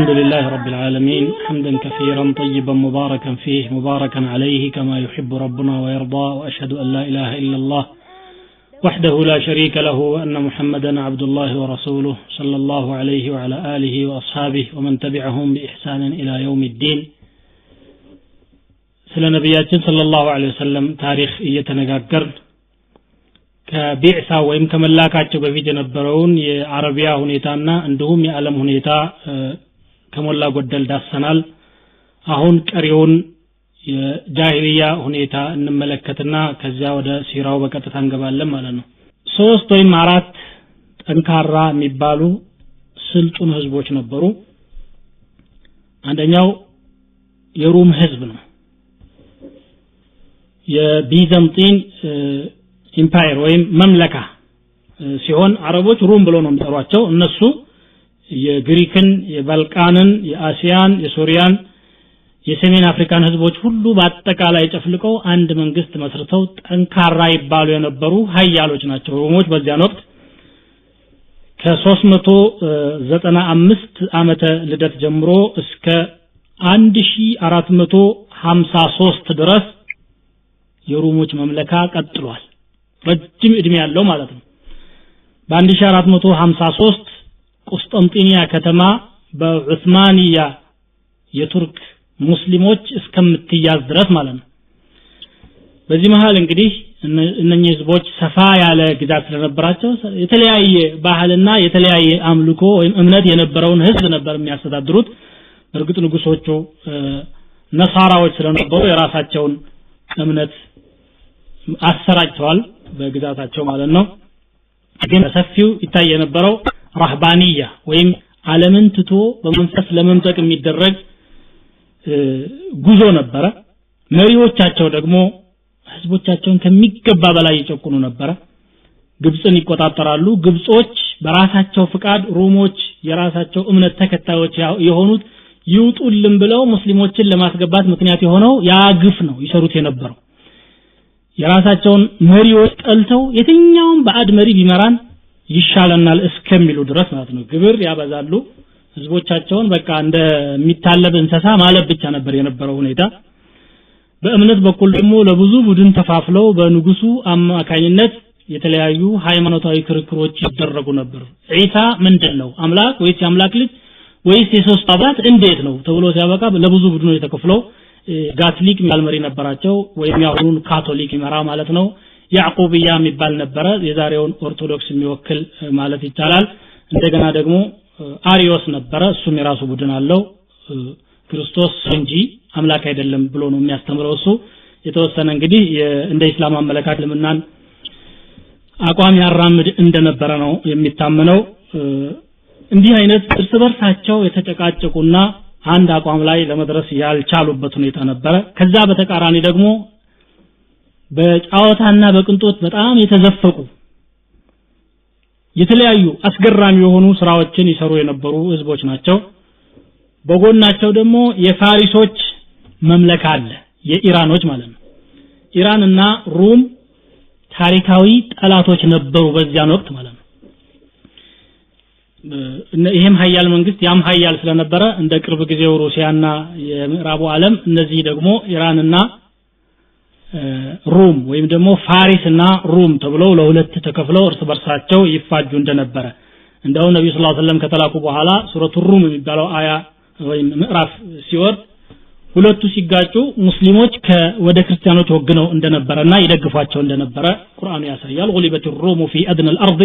الحمد لله رب العالمين حمدا كثيرا طيبا مباركا فيه مباركا عليه كما يحب ربنا ويرضى واشهد ان لا اله الا الله وحده لا شريك له وان محمدا عبد الله ورسوله صلى الله عليه وعلى اله واصحابه ومن تبعهم باحسان الى يوم الدين ስለ ነቢያችን ሰለላሁ ዐለይሂ ወሰለም ታሪክ እየተነጋገር ከቢዕሳ ወይም ከመላካቸው በፊት የነበረውን የአረቢያ ሁኔታና እንዲሁም የዓለም ሁኔታ ከሞላ ጎደል ዳሰናል። አሁን ቀሪውን የጃሂልያ ሁኔታ እንመለከትና ከዚያ ወደ ሲራው በቀጥታ እንገባለን ማለት ነው። ሶስት ወይም አራት ጠንካራ የሚባሉ ስልጡን ህዝቦች ነበሩ። አንደኛው የሩም ህዝብ ነው። የቢዘንጢን ኢምፓየር ወይም መምለካ ሲሆን አረቦች ሩም ብሎ ነው የሚጠሯቸው እነሱ የግሪክን የባልቃንን የአሲያን የሱሪያን የሰሜን አፍሪካን ህዝቦች ሁሉ በአጠቃላይ ጨፍልቀው አንድ መንግስት መስርተው ጠንካራ ይባሉ የነበሩ ሀያሎች ናቸው ሮሞች በዚያን ወቅት ከ395 ዓመተ ልደት ጀምሮ እስከ 1453 ድረስ የሮሞች መምለካ ቀጥሏል ረጅም እድሜ ያለው ማለት ነው በ1453 ቁስጠንጢንያ ከተማ በዑስማንያ የቱርክ ሙስሊሞች እስከምትያዝ ድረስ ማለት ነው በዚህ መሀል እንግዲህ እነኚህ ህዝቦች ሰፋ ያለ ግዛት ስለነበራቸው የተለያየ ባህልና የተለያየ አምልኮ ወይም እምነት የነበረውን ህዝብ ነበር የሚያስተዳድሩት እርግጥ ንጉሶቹ ነሳራዎች ስለነበሩ የራሳቸውን እምነት አሰራጭተዋል በግዛታቸው ማለት ነው ግን ሰፊው ይታይ የነበረው ራህባንያ ወይም ዓለምን ትቶ በመንፈስ ለመንጠቅ የሚደረግ ጉዞ ነበረ። መሪዎቻቸው ደግሞ ህዝቦቻቸውን ከሚገባ በላይ ይጨቁኑ ነበረ። ግብፅን ይቆጣጠራሉ። ግብጾች በራሳቸው ፍቃድ፣ ሮሞች የራሳቸው እምነት ተከታዮች የሆኑት ይውጡልን ብለው ሙስሊሞችን ለማስገባት ምክንያት የሆነው ያ ግፍ ነው ይሰሩት የነበረው። የራሳቸውን መሪዎች ጠልተው የትኛውም በአድ መሪ ቢመራን ይሻለናል እስከሚሉ ድረስ ማለት ነው ግብር ያበዛሉ ህዝቦቻቸውን በቃ እንደሚታለብ እንሰሳ ማለብ ብቻ ነበር የነበረው ሁኔታ በእምነት በኩል ደግሞ ለብዙ ቡድን ተፋፍለው በንጉሱ አማካኝነት የተለያዩ ሃይማኖታዊ ክርክሮች ይደረጉ ነበር ዒሳ ምንድን ነው አምላክ ወይስ የአምላክ ልጅ ወይስ የሶስት አባት እንዴት ነው ተብሎ ሲያበቃ ለብዙ ቡድኖች ተከፍለው ጋትሊክ የሚባል መሪ ነበራቸው ወይም ያሁኑን ካቶሊክ ይመራ ማለት ነው ያዕቁብያ የሚባል ነበረ የዛሬውን ኦርቶዶክስ የሚወክል ማለት ይቻላል እንደገና ደግሞ አሪዮስ ነበረ እሱም የራሱ ቡድን አለው ክርስቶስ እንጂ አምላክ አይደለም ብሎ ነው የሚያስተምረው እሱ የተወሰነ እንግዲህ እንደ ኢስላም አመለካከት ልምናን አቋም ያራምድ እንደነበረ ነው የሚታመነው እንዲህ አይነት እርስ በርሳቸው የተጨቃጨቁና አንድ አቋም ላይ ለመድረስ ያልቻሉበት ሁኔታ ነበረ ከዛ በተቃራኒ ደግሞ በጫዋታና በቅንጦት በጣም የተዘፈቁ የተለያዩ አስገራሚ የሆኑ ስራዎችን ይሰሩ የነበሩ ህዝቦች ናቸው በጎናቸው ደግሞ የፋሪሶች መምለክ አለ የኢራኖች ማለት ነው እና ሩም ታሪካዊ ጠላቶች ነበሩ በዚያን ወቅት ማለት ነው ይሄም ሀያል መንግስት ያም ሀያል ስለነበረ እንደ ቅርብ ጊዜው ሩሲያና የምዕራቡ ዓለም እነዚህ ደግሞ ኢራንና ሩም ወይም ደግሞ ፋሪስ እና ሩም ተብለው ለሁለት ተከፍለው እርስ በርሳቸው ይፋጁ እንደነበረ እንደውም ነቢዩ ስ ሰለም ከተላኩ በኋላ ሱረቱ ሩም የሚባለው አያ ወይም ምዕራፍ ሲወርድ ሁለቱ ሲጋጩ ሙስሊሞች ወደ ክርስቲያኖች ወግነው እንደነበረና ይደግፏቸው እንደነበረ ቁርአኑ ያሳያል غلبت الروم في أدنى الأرض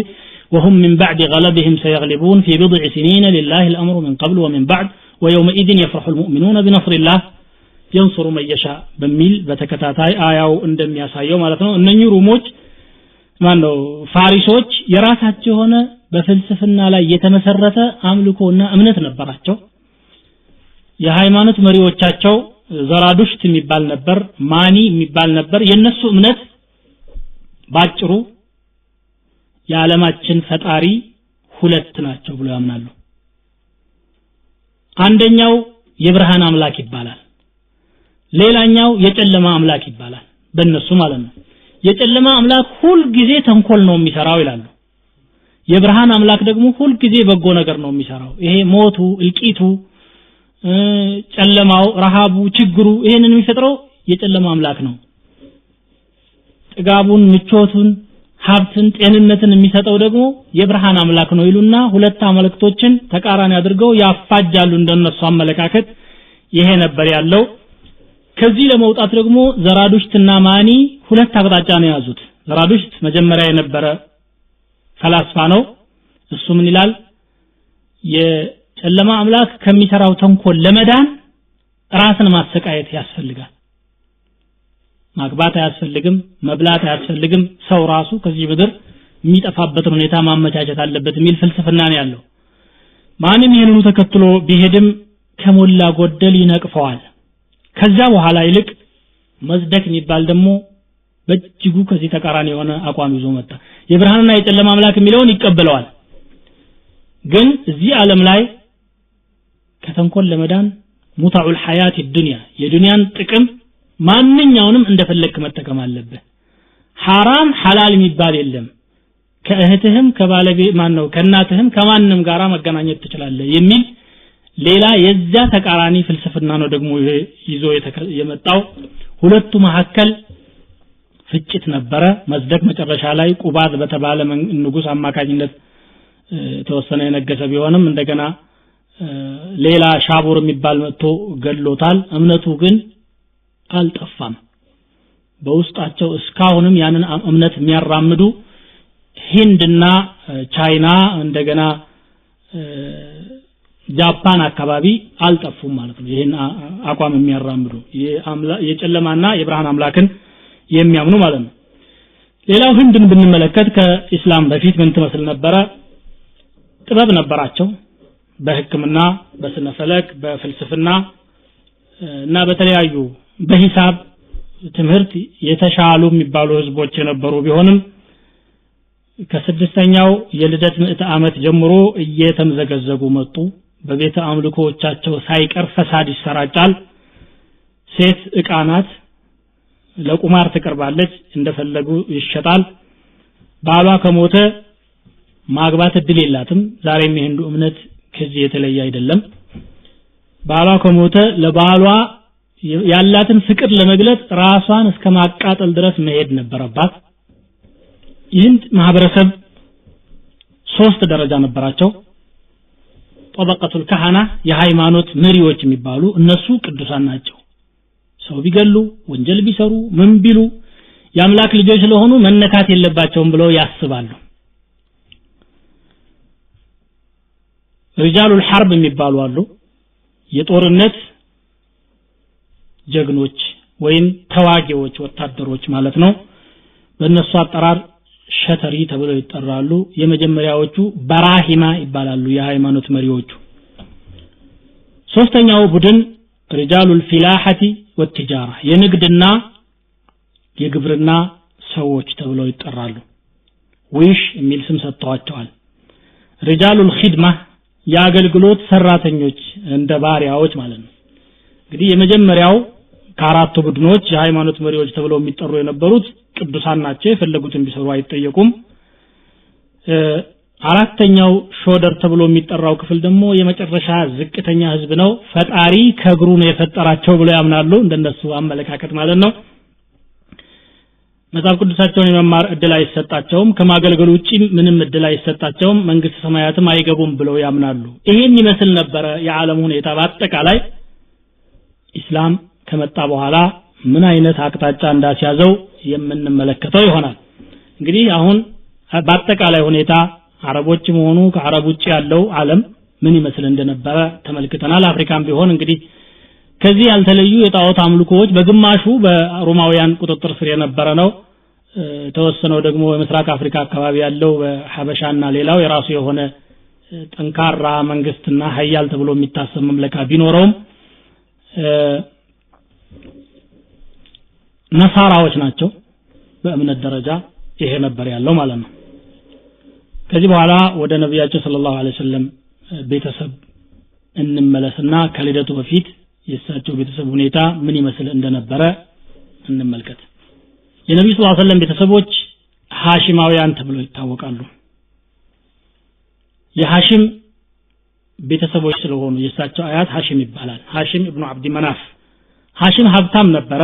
وهم من بعد غلبهم سيغلبون في بضع سنين لله الأمر من قبل ومن بعد ويومئذ يفرح المؤمنون بنصر الله የንሱሩ መየሻ በሚል በተከታታይ አያው እንደሚያሳየው ማለት ነው እነኚህ ሩሞች ማን ነው ፋሪሶች የራሳቸው የሆነ በፍልስፍና ላይ የተመሰረተ አምልኮና እምነት ነበራቸው የሃይማኖት መሪዎቻቸው ዘራዱሽት የሚባል ነበር ማኒ የሚባል ነበር የነሱ እምነት ባጭሩ የዓለማችን ፈጣሪ ሁለት ናቸው ብሎ ያምናሉ አንደኛው የብርሃን አምላክ ይባላል ሌላኛው የጨለማ አምላክ ይባላል በእነሱ ማለት ነው የጨለማ አምላክ ሁል ጊዜ ተንኮል ነው የሚሰራው ይላሉ የብርሃን አምላክ ደግሞ ሁል ጊዜ በጎ ነገር ነው የሚሰራው ይሄ ሞቱ እልቂቱ ጨለማው ረሃቡ ችግሩ ይሄንን የሚፈጥረው የጨለማ አምላክ ነው ጥጋቡን ምቾቱን ሀብትን ጤንነትን የሚሰጠው ደግሞ የብርሃን አምላክ ነው ይሉና ሁለት አመልክቶችን ተቃራኒ አድርገው ያፋጃሉ እንደነሱ አመለካከት ይሄ ነበር ያለው ከዚህ ለመውጣት ደግሞ ዘራዱሽትና ማኒ ሁለት አቅጣጫ ነው የያዙት። ዘራዱሽት መጀመሪያ የነበረ ፈላስፋ ነው። እሱ ምን ይላል? የጨለማ አምላክ ከሚሰራው ተንኮል ለመዳን ራስን ማሰቃየት ያስፈልጋል። ማግባት አያስፈልግም፣ መብላት አያስፈልግም። ሰው ራሱ ከዚህ ምድር የሚጠፋበትን ሁኔታ ማመቻቸት አለበት የሚል ፍልስፍና ነው ያለው። ማንም ይህንኑ ተከትሎ ቢሄድም ከሞላ ጎደል ይነቅፈዋል። ከዛ በኋላ ይልቅ መዝደክ የሚባል ደግሞ በእጅጉ ከዚህ ተቃራኒ የሆነ አቋም ይዞ መጣ የብርሃንና የጨለማ አምላክ የሚለውን ይቀበለዋል ግን እዚህ ዓለም ላይ ከተንኮል ለመዳን ሙታዑል ሐያት ዱንያ የዱንያን ጥቅም ማንኛውንም እንደፈለግክ መጠቀም አለብህ ሐራም ሐላል የሚባል የለም ከእህትህም ከባለቤ ማን ነው ከእናትህም ከማንም ጋራ መገናኘት ትችላለህ የሚል ሌላ የዚያ ተቃራኒ ፍልስፍና ነው ደግሞ ይዞ የመጣው ሁለቱ መካከል ፍጭት ነበረ መዝደቅ መጨረሻ ላይ ቁባዝ በተባለ ንጉስ አማካኝነት ተወሰነ የነገሰ ቢሆንም እንደገና ሌላ ሻቦር የሚባል መጥቶ ገሎታል እምነቱ ግን አልጠፋም በውስጣቸው እስካሁንም ያንን እምነት የሚያራምዱ ሂንድና ቻይና እንደገና ጃፓን አካባቢ አልጠፉም ማለት ነው ይህን አቋም የሚያራምዱ የጨለማና የብርሃን አምላክን የሚያምኑ ማለት ነው ሌላው ህንድን ብንመለከት ከኢስላም በፊት ምን ትመስል ነበረ ጥበብ ነበራቸው በህክምና በስነ ፈለክ በፍልስፍና እና በተለያዩ በሂሳብ ትምህርት የተሻሉ የሚባሉ ህዝቦች የነበሩ ቢሆንም ከስድስተኛው የልደት ምዕተ ዓመት ጀምሮ እየተምዘገዘጉ መጡ በቤተ አምልኮዎቻቸው ሳይቀር ፈሳድ ይሰራጫል ሴት እቃ ናት ለቁማር ትቀርባለች እንደፈለጉ ይሸጣል ባሏ ከሞተ ማግባት እድል የላትም ዛሬም የህንዱ እምነት ከዚህ የተለየ አይደለም ባሏ ከሞተ ለባሏ ያላትን ፍቅር ለመግለጥ ራሷን እስከ ማቃጠል ድረስ መሄድ ነበረባት ይህን ማህበረሰብ ሶስት ደረጃ ነበራቸው ጠበቀቱል ካህና የሃይማኖት መሪዎች የሚባሉ እነሱ ቅዱሳን ናቸው ሰው ቢገሉ ወንጀል ቢሰሩ ምን ቢሉ የአምላክ ልጆች ስለሆኑ መነካት የለባቸውም ብለው ያስባሉ ሪጃሉል ሐርብ የሚባሉ አሉ የጦርነት ጀግኖች ወይም ተዋጊዎች ወታደሮች ማለት ነው በእነሱ አጠራር ሸተሪ ተብለው ይጠራሉ። የመጀመሪያዎቹ በራሂማ ይባላሉ የሃይማኖት መሪዎቹ። ሶስተኛው ቡድን ሪጃሉል ፊላሐቲ ወትጃራ የንግድና የግብርና ሰዎች ተብለው ይጠራሉ። ዊሽ የሚል ስም ሰጥተዋቸዋል። ሪጃሉል ኺድማ የአገልግሎት ሰራተኞች እንደ ባሪያዎች ማለት ነው። እንግዲህ የመጀመሪያው ከአራቱ ቡድኖች የሃይማኖት መሪዎች ተብለው የሚጠሩ የነበሩት ቅዱሳን ናቸው የፈለጉት እንዲሰሩ አይጠየቁም አራተኛው ሾደር ተብሎ የሚጠራው ክፍል ደግሞ የመጨረሻ ዝቅተኛ ህዝብ ነው ፈጣሪ ከእግሩ ነው የፈጠራቸው ብሎ ያምናሉ እንደነሱ አመለካከት ማለት ነው መጽሐፍ ቅዱሳቸውን የመማር እድል አይሰጣቸውም ከማገልገሉ ውጪ ምንም እድል አይሰጣቸውም መንግስት ሰማያትም አይገቡም ብለው ያምናሉ ይሄን ይመስል ነበረ የዓለም ሁኔታ በአጠቃላይ ኢስላም ከመጣ በኋላ ምን አይነት አቅጣጫ እንዳስያዘው የምንመለከተው ይሆናል እንግዲህ አሁን በአጠቃላይ ሁኔታ አረቦች መሆኑ ከአረብ ውጭ ያለው አለም ምን ይመስል እንደነበረ ተመልክተናል አፍሪካም ቢሆን እንግዲህ ከዚህ ያልተለዩ የጣዖት አምልኮዎች በግማሹ በሮማውያን ቁጥጥር ስር የነበረ ነው ተወሰነው ደግሞ በምስራቅ አፍሪካ አካባቢ ያለው በሀበሻና ሌላው የራሱ የሆነ ጠንካራ መንግስትና ሀያል ተብሎ የሚታሰብ መምለካ ቢኖረውም ነሳራዎች ናቸው በእምነት ደረጃ ይሄ ነበር ያለው ማለት ነው ከዚህ በኋላ ወደ ነቢያቸው ስለ ላሁ ወሰለም ቤተሰብ እንመለስና ከልደቱ በፊት የእሳቸው ቤተሰብ ሁኔታ ምን ይመስል እንደነበረ እንመልከት የነቢዩ ስ ሰለም ቤተሰቦች ሀሽማውያን ተብሎ ይታወቃሉ የሀሽም ቤተሰቦች ስለሆኑ የእሳቸው አያት ሀሽም ይባላል ሐሽም እብኑ አብዲ መናፍ ሀሽም ሀብታም ነበረ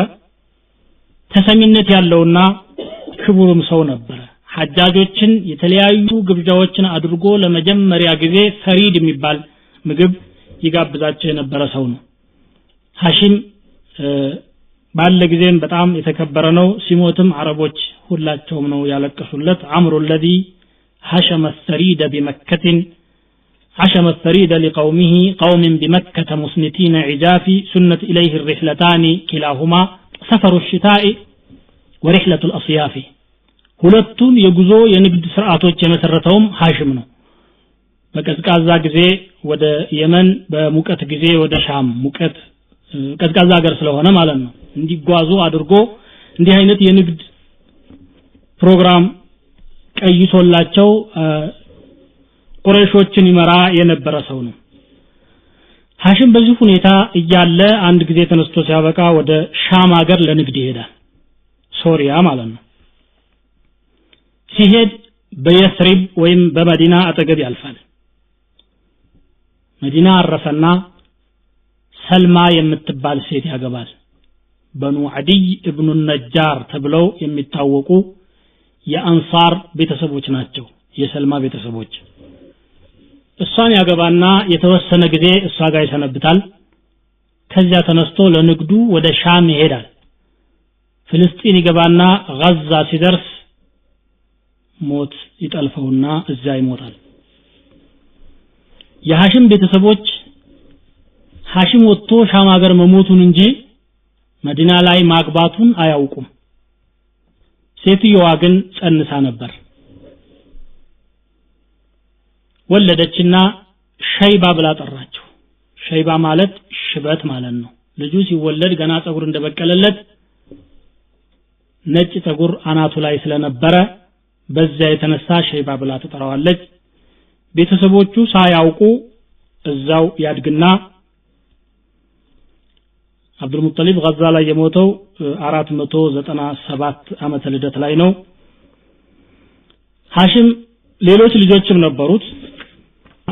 ተሰሚነት ያለውና ክቡርም ሰው ነበረ። ሐጃጆችን የተለያዩ ግብዣዎችን አድርጎ ለመጀመሪያ ጊዜ ፈሪድ የሚባል ምግብ ይጋብዛቸው የነበረ ሰው ነው። ሐሺም ባለ ጊዜም በጣም የተከበረ ነው። ሲሞትም አረቦች ሁላቸውም ነው ያለቀሱለት። አምሩ ለዚ ሐሸመ ሰሪደ ቢመከትን ሐሸመ ሰሪደ ሊቀውሚህ ቀውምን ቢመከተ ሙስኒቲነ ዒጃፊ ሱነት ኢለይህ ሪሕለታኒ ኪላሁማ ሰፈሩ ሽታኢ ወሪሕለቱ ልአስያፊ ሁለቱን የጉዞ የንግድ ስርዓቶች የመሰረተውም ሀሽም ነው በቀዝቃዛ ጊዜ ወደ የመን በሙቀት ጊዜ ወደ ሻም ሙቀት ቀዝቃዛ ሀገር ስለሆነ ማለት ነው እንዲጓዙ አድርጎ እንዲህ አይነት የንግድ ፕሮግራም ቀይሶላቸው ቁረይሾችን ይመራ የነበረ ሰው ነው ሐሽም በዚህ ሁኔታ እያለ አንድ ጊዜ ተነስቶ ሲያበቃ ወደ ሻም ሀገር ለንግድ ይሄዳል። ሶሪያ ማለት ነው። ሲሄድ በየስሪብ ወይም በመዲና አጠገብ ያልፋል። መዲና አረፈና ሰልማ የምትባል ሴት ያገባል። በኑ አዲይ እብኑ ነጃር ተብለው የሚታወቁ የአንሳር ቤተሰቦች ናቸው። የሰልማ ቤተሰቦች እሷን ያገባና የተወሰነ ጊዜ እሷ ጋር ይሰነብታል። ከዚያ ተነስቶ ለንግዱ ወደ ሻም ይሄዳል። ፍልስጢን ይገባና ጋዛ ሲደርስ ሞት ይጠልፈውና እዚያ ይሞታል። የሐሽም ቤተሰቦች ሐሽም ወጥቶ ሻም ሀገር መሞቱን እንጂ መዲና ላይ ማግባቱን አያውቁም። ሴትየዋ ግን ጸንሳ ነበር። ወለደችና ሸይባ ብላ ጠራቸው ሸይባ ማለት ሽበት ማለት ነው። ልጁ ሲወለድ ገና ጸጉር እንደበቀለለት ነጭ ጸጉር አናቱ ላይ ስለነበረ በዛ የተነሳ ሸይባ ብላ ትጠራዋለች። ቤተሰቦቹ ሳያውቁ እዛው ያድግና አብዱልሙጠሊብ ጋዛ ላይ የሞተው 497 ዓመተ ልደት ላይ ነው። ሐሽም ሌሎች ልጆችም ነበሩት።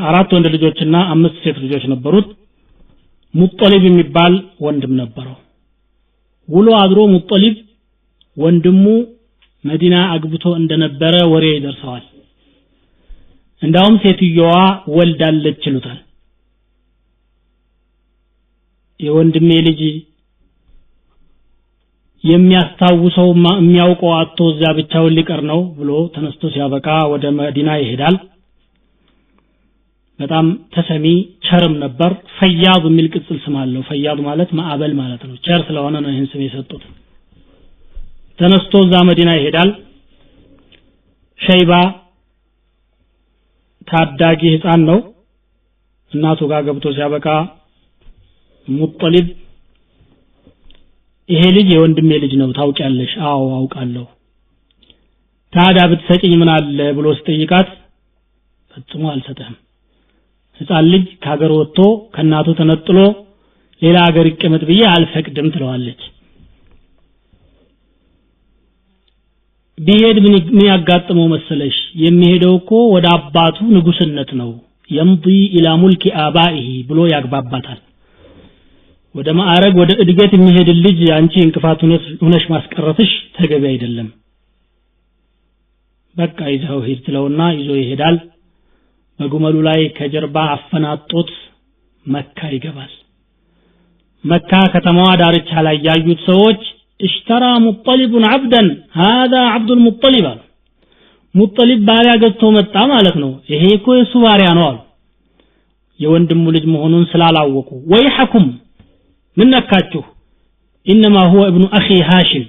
አራት ወንድ ልጆችና አምስት ሴት ልጆች ነበሩት። ሙጠሊብ የሚባል ወንድም ነበረው። ውሎ አድሮ ሙጠሊብ ወንድሙ መዲና አግብቶ እንደነበረ ወሬ ይደርሰዋል። እንዳውም ሴትዮዋ ወልዳለች ይሉታል። የወንድሜ ልጅ የሚያስታውሰው የሚያውቀው አቶ እዚያ ብቻውን ሊቀር ነው ብሎ ተነስቶ ሲያበቃ ወደ መዲና ይሄዳል። በጣም ተሰሚ ቸርም ነበር። ፈያድ የሚል ቅጽል ስም አለው። ፈያድ ማለት ማዕበል ማለት ነው። ቸር ስለሆነ ነው ይህን ስም የሰጡት። ተነስቶ እዛ መዲና ይሄዳል። ሸይባ ታዳጊ ህፃን ነው። እናቱ ጋር ገብቶ ሲያበቃ ሙጠሊብ ይሄ ልጅ የወንድሜ ልጅ ነው ታውቂያለሽ? አዎ አውቃለሁ። ታዳ ብትሰጪኝ ምን አለ ብሎ ስጠይቃት ፈጽሞ አልሰጠህም ህፃን ልጅ ከሀገር ወጥቶ ከእናቱ ተነጥሎ ሌላ ሀገር ይቀመጥ ብዬ አልፈቅድም ትለዋለች ቢሄድ ምን ያጋጥመው መሰለሽ የሚሄደው እኮ ወደ አባቱ ንጉስነት ነው የምዲ ኢላ ሙልኪ አባኢሂ ብሎ ያግባባታል ወደ ማዕረግ ወደ እድገት የሚሄድ ልጅ አንቺ እንቅፋት ሁነሽ ማስቀረትሽ ተገቢ አይደለም በቃ ይዘው ሂድ ትለውና ይዞ ይሄዳል በግመሉ ላይ ከጀርባ አፈናጦት መካ ይገባል። መካ ከተማዋ ዳርቻ ላይ ያዩት ሰዎች እሽተራ ሙጠሊቡን አብደን ሀዛ አብዱል ሙጠሊብ አሉ። ሙጠሊብ ባሪያ ገዝቶ መጣ ማለት ነው። ይሄ እኮ የሱ ባሪያ ነው አሉ። የወንድሙ ልጅ መሆኑን ስላላወቁ ወይሐኩም ምን ነካችሁ? ኢነማ ሁወ እብኑ አኺ ሃሽም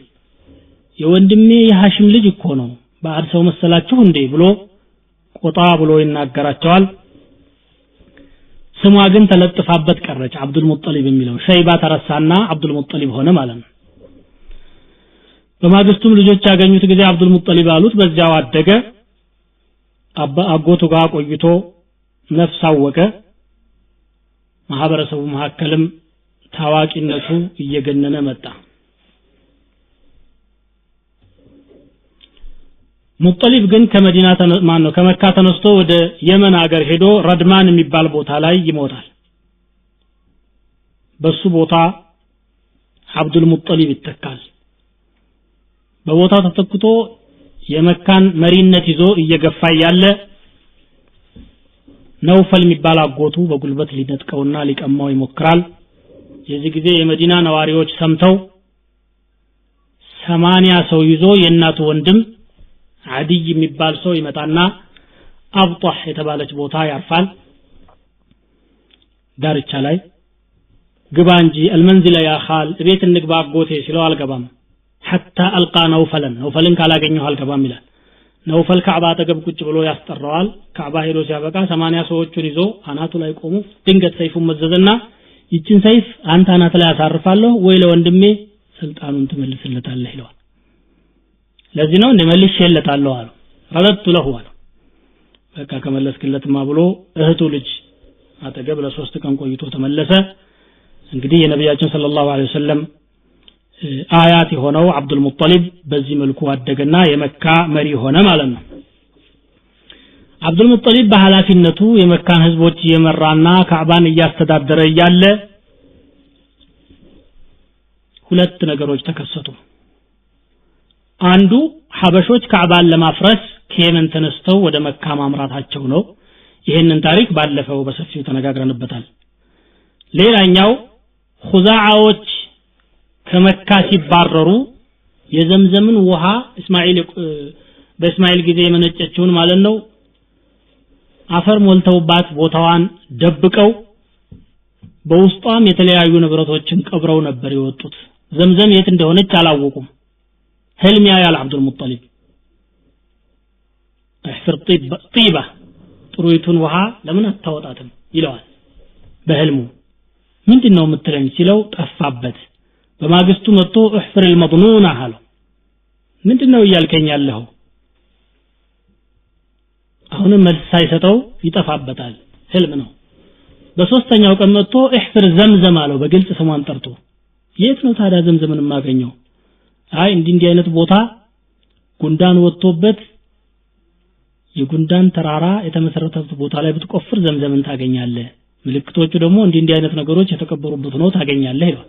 የወንድሜ የሃሽም ልጅ እኮ ነው። ባዕድ ሰው መሰላችሁ እንዴ ብሎ ቆጣ ብሎ ይናገራቸዋል ስሟ ግን ተለጥፋበት ቀረች አብዱል ሙጠሊብ የሚለው ሸይባ ተረሳና አብዱል ሙጠሊብ ሆነ ማለት ነው በማግስቱም ልጆች ያገኙት ጊዜ አብዱል ሙጠሊብ አሉት በዚያው አደገ አጎቱ ጋር ቆይቶ ነፍስ አወቀ ማህበረሰቡ መካከልም ታዋቂነቱ እየገነነ መጣ ሙጠሊብ ግን ከመዲና ማን ነው ከመካ ተነስቶ ወደ የመን አገር ሄዶ ረድማን የሚባል ቦታ ላይ ይሞታል። በሱ ቦታ አብዱል ሙጠሊብ ይተካል። በቦታው ተተክቶ የመካን መሪነት ይዞ እየገፋ ያለ ነውፈል የሚባል አጎቱ በጉልበት ሊነጥቀውና ሊቀማው ይሞክራል። የዚህ ጊዜ የመዲና ነዋሪዎች ሰምተው ሰማንያ ሰው ይዞ የእናቱ ወንድም አዲይ የሚባል ሰው ይመጣና አብጧህ የተባለች ቦታ ያርፋል ዳርቻ ላይ ግባ እንጂ አልመንዚለ ያ ኻል እቤት እንግባ አጎቴ ሲለው አልገባም ሐታ አልቃ ነውፈለን ነውፈልን ካላገኘሁ አልገባም ይላል ነውፈል ካዕባ አጠገብ ቁጭ ብሎ ያስጠራዋል ካዕባ ሄዶ ሲያበቃ ሰማንያ ሰዎቹን ይዞ አናቱ ላይ ቆሙ ድንገት ሰይፉን መዘዘና ይችን ሰይፍ አንተ አናት ላይ አሳርፋለሁ ወይ ለወንድሜ ስልጣኑን ትመልስለታለህ ይለዋል ለዚህ ነው እንደመልሽ የለታለሁ አለ ረደቱ ለሁ አለ በቃ ከመለስክለትማ ብሎ እህቱ ልጅ አጠገብ ለሶስት ቀን ቆይቶ ተመለሰ እንግዲህ የነቢያችን ሰለላሁ ዐለይሂ ወሰለም አያት የሆነው አብዱል ሙጠሊብ በዚህ መልኩ አደገና የመካ መሪ ሆነ ማለት ነው አብዱል ሙጠሊብ በኃላፊነቱ የመካን ህዝቦች እየመራና ካዕባን እያስተዳደረ እያለ ሁለት ነገሮች ተከሰቱ አንዱ ሀበሾች ካዕባን ለማፍረስ ከየመን ተነስተው ወደ መካ ማምራታቸው ነው። ይህንን ታሪክ ባለፈው በሰፊው ተነጋግረንበታል። ሌላኛው ሁዛዓዎች ከመካ ሲባረሩ የዘምዘምን ውሃ እስማኤል በእስማኤል ጊዜ የመነጨችውን ማለት ነው አፈር ሞልተውባት ቦታዋን ደብቀው በውስጧም የተለያዩ ንብረቶችን ቀብረው ነበር የወጡት። ዘምዘም የት እንደሆነች አላወቁም። ህልም ያያል አብዱልሙጠሊብ እሕፍር ጢባ ጥሩይቱን ውሃ ለምን አታወጣትም ይለዋል በህልሙ ምንድን ነው የምትለኝ ሲለው ጠፋበት በማግስቱ መጥቶ እሕፍር ልመضኑና አለው ምንድን ነው እያልከኝ ያለኸው አሁንም መልስ ሳይሰጠው ይጠፋበታል ህልም ነው በሶስተኛው ቀን መጥቶ እሕፍር ዘምዘም አለው በግልጽ ስሟን ጠርቶ የት ነው ታዲያ ዘምዘምን የማገኘው አይ እንዲህ እንዲህ አይነት ቦታ ጉንዳን ወጥቶበት የጉንዳን ተራራ የተመሰረተበት ቦታ ላይ ብትቆፍር ዘምዘምን ታገኛለህ። ምልክቶቹ ደግሞ እንዲህ እንዲህ አይነት ነገሮች የተቀበሩበት ነው ታገኛለህ ይሏል።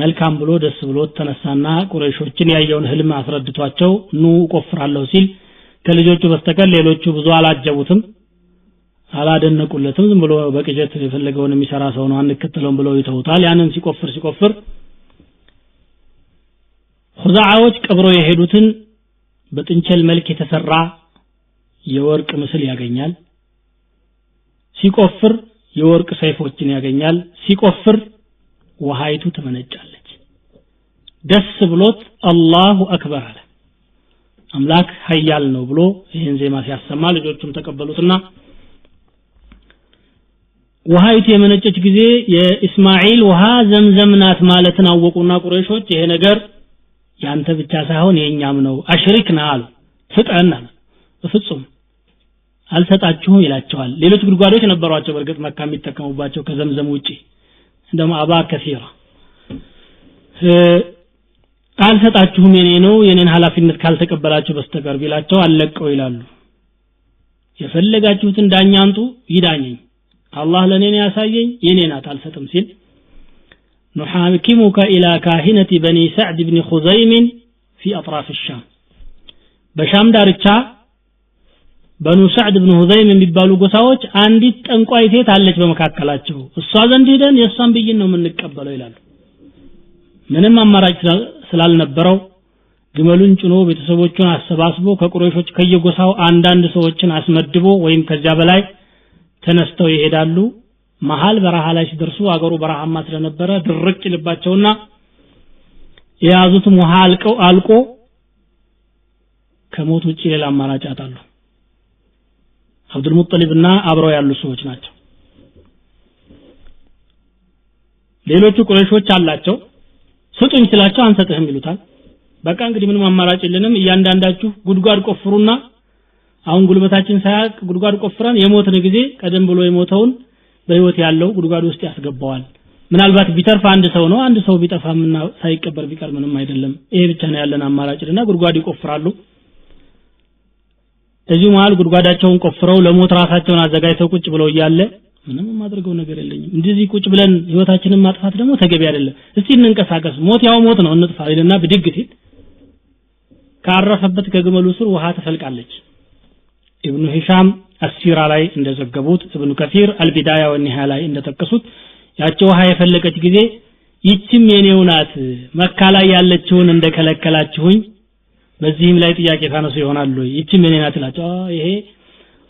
መልካም ብሎ ደስ ብሎ ተነሳና ቁረይሾችን ያየውን ህልም አስረድቷቸው ኑ ቆፍራለሁ ሲል ከልጆቹ በስተቀር ሌሎቹ ብዙ አላጀቡትም፣ አላደነቁለትም። ዝም ብሎ በቅጀት የፈለገውን የሚሰራ ሰው ነው አንከተለውም ብለው ይተውታል። ያንን ሲቆፍር ሲቆፍር ሁዛዓዎች ቀብሮ የሄዱትን በጥንቸል መልክ የተሰራ የወርቅ ምስል ያገኛል። ሲቆፍር የወርቅ ሰይፎችን ያገኛል። ሲቆፍር ውሃይቱ ትመነጫለች። ደስ ብሎት አላሁ አክበር አለ። አምላክ ሀያል ነው ብሎ ይህን ዜማ ሲያሰማ ልጆቹም ተቀበሉትና ውሃይቱ የመነጨች ጊዜ የኢስማኤል ውሃ ዘምዘም ናት ማለትን አወቁና ቁረይሾች ይሄ ነገር ያንተ ብቻ ሳይሆን የኛም ነው አሽሪክና አሉ ስጠን ፍጹም አልሰጣችሁም ይላቸዋል ሌሎች ጉድጓዶች ነበሯቸው በርግጥ መካ የሚጠቀሙባቸው ከዘምዘም ውጪ እንደም አባ ከሲራ አልሰጣችሁም የኔ ነው የኔን ኃላፊነት ካልተቀበላችሁ በስተቀር ቢላቸው አልለቀው ይላሉ የፈለጋችሁትን ዳኛ አንጡ ይዳኘኝ አላህ ለእኔ ያሳየኝ የኔ ናት አልሰጥም ሲል نحاكمك إلى كاهنة بني سعد بن خزيم في أطراف الشام በሻም ዳርቻ በኑ ሰዕድ ብን ሁዘይም የሚባሉ ጎሳዎች አንዲት ጠንቋይ ሴት አለች በመካከላቸው እሷ ዘንድ ሄደን የእሷን ብይን ነው የምንቀበለው ይላሉ ምንም አማራጭ ስላልነበረው ግመሉን ጭኖ ቤተሰቦቹን አሰባስቦ ከቁረሾች ከየጎሳው አንዳንድ ሰዎችን አስመድቦ ወይም ከዚያ በላይ ተነስተው ይሄዳሉ መሀል በረሃ ላይ ሲደርሱ አገሩ በረሃማ ስለነበረ ድርቅ ይልባቸውና የያዙትም ውሃ አልቀው አልቆ ከሞት ውጭ ሌላ አማራጭ አጣሉ አብዱልሙጠሊብና አብረው ያሉ ሰዎች ናቸው ሌሎቹ ቁረሾች አላቸው ስጡኝ ስላቸው አንሰጥህም ይሉታል በቃ እንግዲህ ምንም አማራጭ የለንም እያንዳንዳችሁ ጉድጓድ ቆፍሩና አሁን ጉልበታችን ሳያቅ ጉድጓድ ቆፍረን የሞትን ጊዜ ቀደም ብሎ የሞተውን በህይወት ያለው ጉድጓድ ውስጥ ያስገባዋል ምናልባት ቢተርፍ አንድ ሰው ነው አንድ ሰው ቢጠፋምና ሳይቀበር ቢቀር ምንም አይደለም ይሄ ብቻ ነው ያለን አማራጭ እና ጉድጓድ ይቆፍራሉ እዚሁ መሀል ጉድጓዳቸውን ቆፍረው ለሞት ራሳቸውን አዘጋጅተው ቁጭ ብለው እያለ ምንም የማድረገው ነገር የለኝም እንደዚህ ቁጭ ብለን ህይወታችንን ማጥፋት ደግሞ ተገቢ አይደለም እስቲ እንንቀሳቀስ ሞት ያው ሞት ነው እንጥፋ ይልና ብድግ ሲል ካረፈበት ከግመሉ ስር ውሃ ተፈልቃለች ኢብኑ ሂሻም አሲራ ላይ እንደዘገቡት እብኑ ከሲር አልቢዳያ ወኒሃ ላይ እንደጠቀሱት ያቸው ውሃ የፈለቀች ጊዜ ይችም የኔው ናት መካ ላይ ያለችውን እንደከለከላችሁኝ በዚህም ላይ ጥያቄ ታነሱ ይሆናሉ ይችም የኔ ናት ይሄ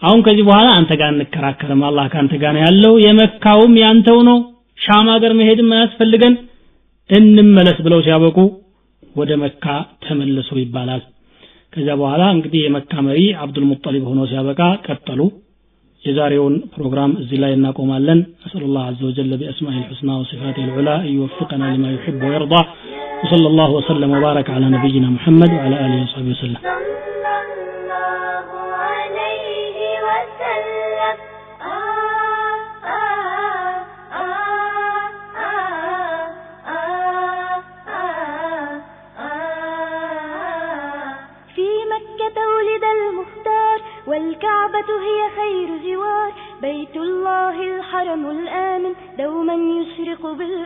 አሁን ከዚህ በኋላ አንተ ጋር እንከራከርም አላህ ከአንተ ጋር ያለው የመካውም ያንተው ነው ሻም ሀገር መሄድም አያስፈልገን እንመለስ ብለው ሲያበቁ ወደ መካ ተመለሱ ይባላል ከዚያ በኋላ እንግዲህ የመካ መሪ አብዱልሙጠሊብ ሆኖ ሲያበቃ ቀጠሉ የዛሬውን ፕሮግራም እዚህ ላይ እናቆማለን አስአል ላህ አዘ ወጀለ ቢአስማኢ ልሑስና ወሲፋት ልዑላ እዩወፍቀና ሊማ ዩሕብ ወየርዳ وصلى الله وسلم وبارك على نبينا محمد وعلى اله وصحبه وسلم عليه وسلم فالكعبة هي خير زوار بيت الله الحرم الآمن دوما يشرق بالأنوار